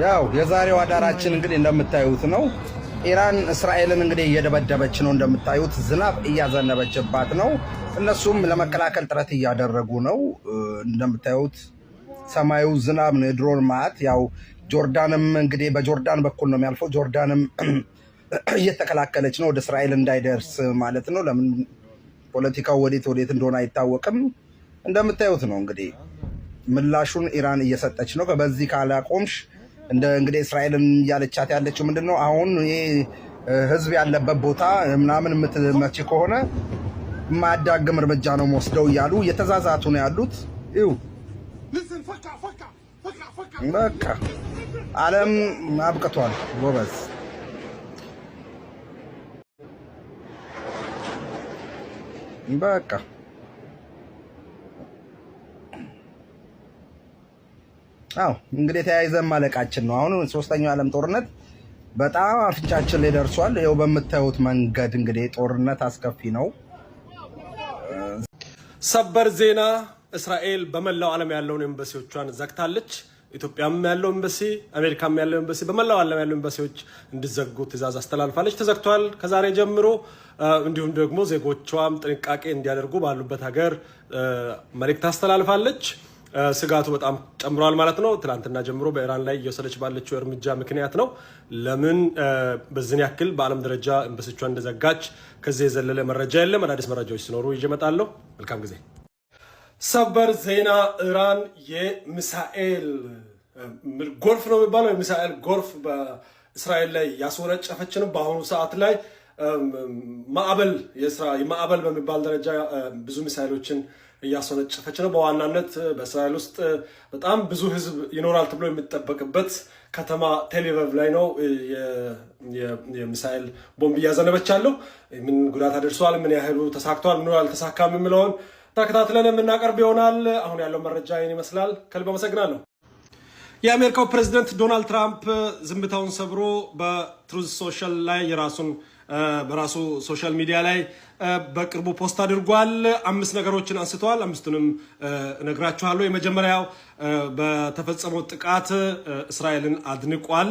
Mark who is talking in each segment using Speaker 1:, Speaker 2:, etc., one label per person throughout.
Speaker 1: ያው የዛሬው አዳራችን እንግዲህ እንደምታዩት ነው። ኢራን እስራኤልን እንግዲህ እየደበደበች ነው። እንደምታዩት ዝናብ እያዘነበችባት ነው። እነሱም ለመከላከል ጥረት እያደረጉ ነው። እንደምታዩት ሰማዩ ዝናብ ነው። የድሮን ያው ጆርዳንም እንግዲህ በጆርዳን በኩል ነው የሚያልፈው። ጆርዳንም እየተከላከለች ነው፣ ወደ እስራኤል እንዳይደርስ ማለት ነው። ለምን ፖለቲካው ወዴት ወዴት እንደሆነ አይታወቅም። እንደምታዩት ነው እንግዲህ ምላሹን ኢራን እየሰጠች ነው። በዚህ ካላቆምሽ እንደ እንግዲህ እስራኤልን እያለቻት ያለችው ምንድን ነው አሁን ይህ ህዝብ ያለበት ቦታ ምናምን የምትመች ከሆነ የማያዳግም እርምጃ ነው ወስደው እያሉ እየተዛዛቱ ነው ያሉት። ይው በቃ ዓለም አብቅቷል ጎበዝ። በቃ አዎ እንግዲህ የተያይዘን ማለቃችን ነው። አሁን ሶስተኛው ዓለም ጦርነት በጣም አፍንጫችን ላይ ደርሷል። ይኸው በምታዩት መንገድ እንግዲህ ጦርነት አስከፊ ነው።
Speaker 2: ሰበር ዜና፣ እስራኤል በመላው ዓለም ያለውን ኤምባሲዎቿን ዘግታለች። ኢትዮጵያም ያለው ኤምባሲ፣ አሜሪካም ያለው ኤምባሲ፣ በመላው ዓለም ያለው ኤምባሲዎች እንዲዘጉ ትዕዛዝ አስተላልፋለች። ተዘግቷል ከዛሬ ጀምሮ። እንዲሁም ደግሞ ዜጎቿም ጥንቃቄ እንዲያደርጉ ባሉበት ሀገር መልእክት አስተላልፋለች። ስጋቱ በጣም ጨምሯል ማለት ነው። ትላንትና ጀምሮ በኢራን ላይ እየወሰደች ባለችው እርምጃ ምክንያት ነው። ለምን በዚህን ያክል በዓለም ደረጃ እንበስቿ እንደዘጋች ከዚህ የዘለለ መረጃ የለም። አዳዲስ መረጃዎች ሲኖሩ ይዤ እመጣለሁ። መልካም ጊዜ። ሰበር ዜና ኢራን የሚሳኤል ጎርፍ ነው የሚባለው የሚሳኤል ጎርፍ በእስራኤል ላይ ያስወነጨፈች ነው። በአሁኑ ሰዓት ላይ ማዕበል የማዕበል በሚባል ደረጃ ብዙ ሚሳኤሎችን እያስወነጨፈች ነው። በዋናነት በእስራኤል ውስጥ በጣም ብዙ ህዝብ ይኖራል ተብሎ የሚጠበቅበት ከተማ ቴሌቨቭ ላይ ነው የሚሳይል ቦምብ እያዘነበች ያለው። ምን ጉዳት አደርሰዋል፣ ምን ያህሉ ተሳክተዋል፣ ምን አልተሳካም የምለውን ተከታትለን የምናቀርብ ይሆናል። አሁን ያለው መረጃ ይህን ይመስላል። ከልብ አመሰግናለሁ። የአሜሪካው ፕሬዚደንት ዶናልድ ትራምፕ ዝምታውን ሰብሮ በትሩዝ ሶሻል ላይ የራሱን በራሱ ሶሻል ሚዲያ ላይ በቅርቡ ፖስት አድርጓል። አምስት ነገሮችን አንስተዋል። አምስቱንም እነግራችኋለሁ። የመጀመሪያው በተፈጸመው ጥቃት እስራኤልን አድንቋል።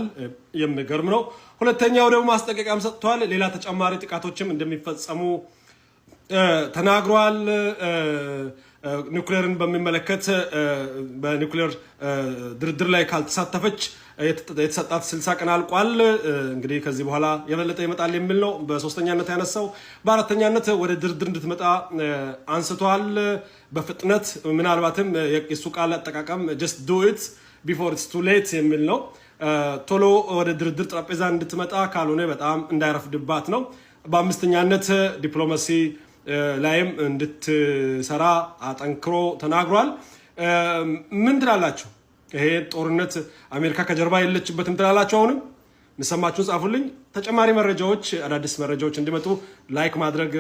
Speaker 2: የሚገርም ነው። ሁለተኛው ደግሞ ማስጠንቀቂያም ሰጥቷል። ሌላ ተጨማሪ ጥቃቶችም እንደሚፈጸሙ ተናግሯል። ኒውክሌርን በሚመለከት በኒውክሌር ድርድር ላይ ካልተሳተፈች የተሰጣት ስልሳ ቀን አልቋል። እንግዲህ ከዚህ በኋላ የበለጠ ይመጣል የሚል ነው በሶስተኛነት ያነሳው። በአራተኛነት ወደ ድርድር እንድትመጣ አንስቷል። በፍጥነት ምናልባትም የሱ ቃል አጠቃቀም ጀስት ዱ ኢት ቢፎር ኢትስ ቱ ሌት የሚል ነው። ቶሎ ወደ ድርድር ጠረጴዛ እንድትመጣ ካልሆነ በጣም እንዳይረፍድባት ነው። በአምስተኛነት ዲፕሎማሲ ላይም እንድትሰራ አጠንክሮ ተናግሯል። ምን ትላላችሁ? ይሄ ጦርነት አሜሪካ ከጀርባ የለችበትም ትላላችሁ? አሁንም ምሰማችሁን ጻፉልኝ። ተጨማሪ መረጃዎች፣ አዳዲስ መረጃዎች እንዲመጡ ላይክ ማድረግ፣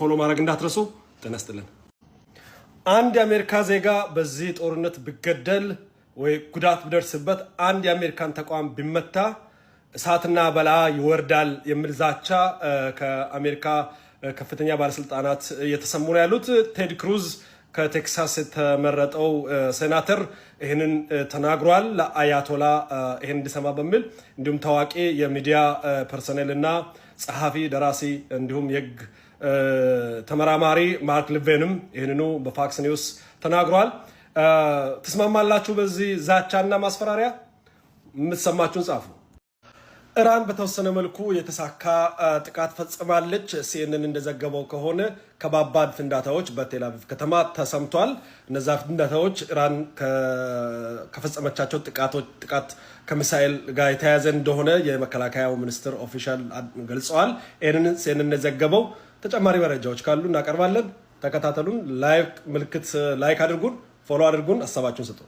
Speaker 2: ፎሎ ማድረግ እንዳትረሱ። ጥነስጥልን አንድ የአሜሪካ ዜጋ በዚህ ጦርነት ቢገደል ወይ ጉዳት ብደርስበት አንድ የአሜሪካን ተቋም ቢመታ እሳትና በላ ይወርዳል የሚል ዛቻ ከአሜሪካ ከፍተኛ ባለስልጣናት እየተሰሙ ነው ያሉት። ቴድ ክሩዝ ከቴክሳስ የተመረጠው ሴናተር ይህንን ተናግሯል። ለአያቶላ ይህን እንዲሰማ በሚል እንዲሁም ታዋቂ የሚዲያ ፐርሰኔል እና ጸሐፊ ደራሲ እንዲሁም የህግ ተመራማሪ ማርክ ልቬንም ይህንኑ በፋክስ ኒውስ ተናግሯል። ትስማማላችሁ በዚህ ዛቻና ማስፈራሪያ? የምትሰማችሁን ጻፉ። ኢራን በተወሰነ መልኩ የተሳካ ጥቃት ፈጽማለች። ሲኤንን እንደዘገበው ከሆነ ከባባድ ፍንዳታዎች በቴላቪቭ ከተማ ተሰምቷል። እነዛ ፍንዳታዎች ኢራን ከፈጸመቻቸው ጥቃቶች ጥቃት ከሚሳኤል ጋር የተያያዘ እንደሆነ የመከላከያው ሚኒስትር ኦፊሻል ገልጸዋል። ይህንን ሲኤንን እንደዘገበው ተጨማሪ መረጃዎች ካሉ እናቀርባለን። ተከታተሉን። ላይክ ምልክት ላይክ አድርጉን፣ ፎሎ አድርጉን፣ ሀሳባችሁን ስጡ።